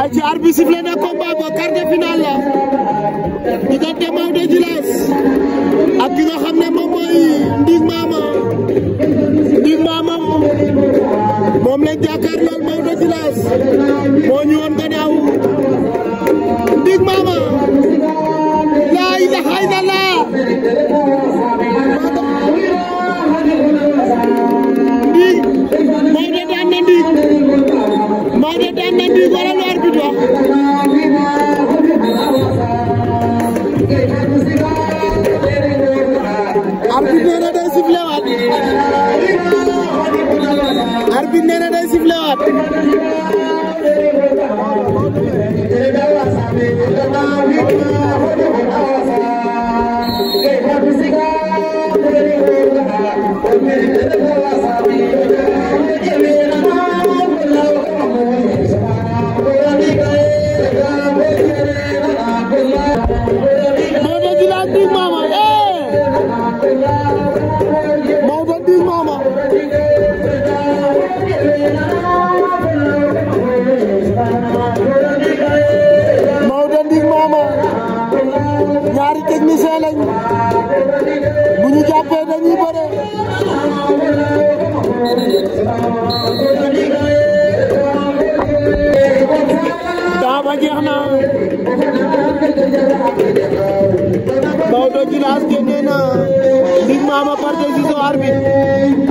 Aji ah, Arbi arbitre na combat ba quart de finale la diggante Maodo Djilass ak ki nga xam ne moom mooy Ndig Mama Ndig Mama moom lañ jàkkaarlool Jilas mo moo ñëwoon gannaaw Ndig Mama laa ilaha illallah Ndig Maodo daan na Ndig Maodo daan na Ndig wala arbitre nee na day sifflé waat arbitre nee na day sifflé waat Thank you. di mama Maodo Ndik Mama ñaari technicien lañ bu ñu jàppee dañuy bëre daa ba jeex na Maodo Djilass génne Ama Baldé Zizo arbitre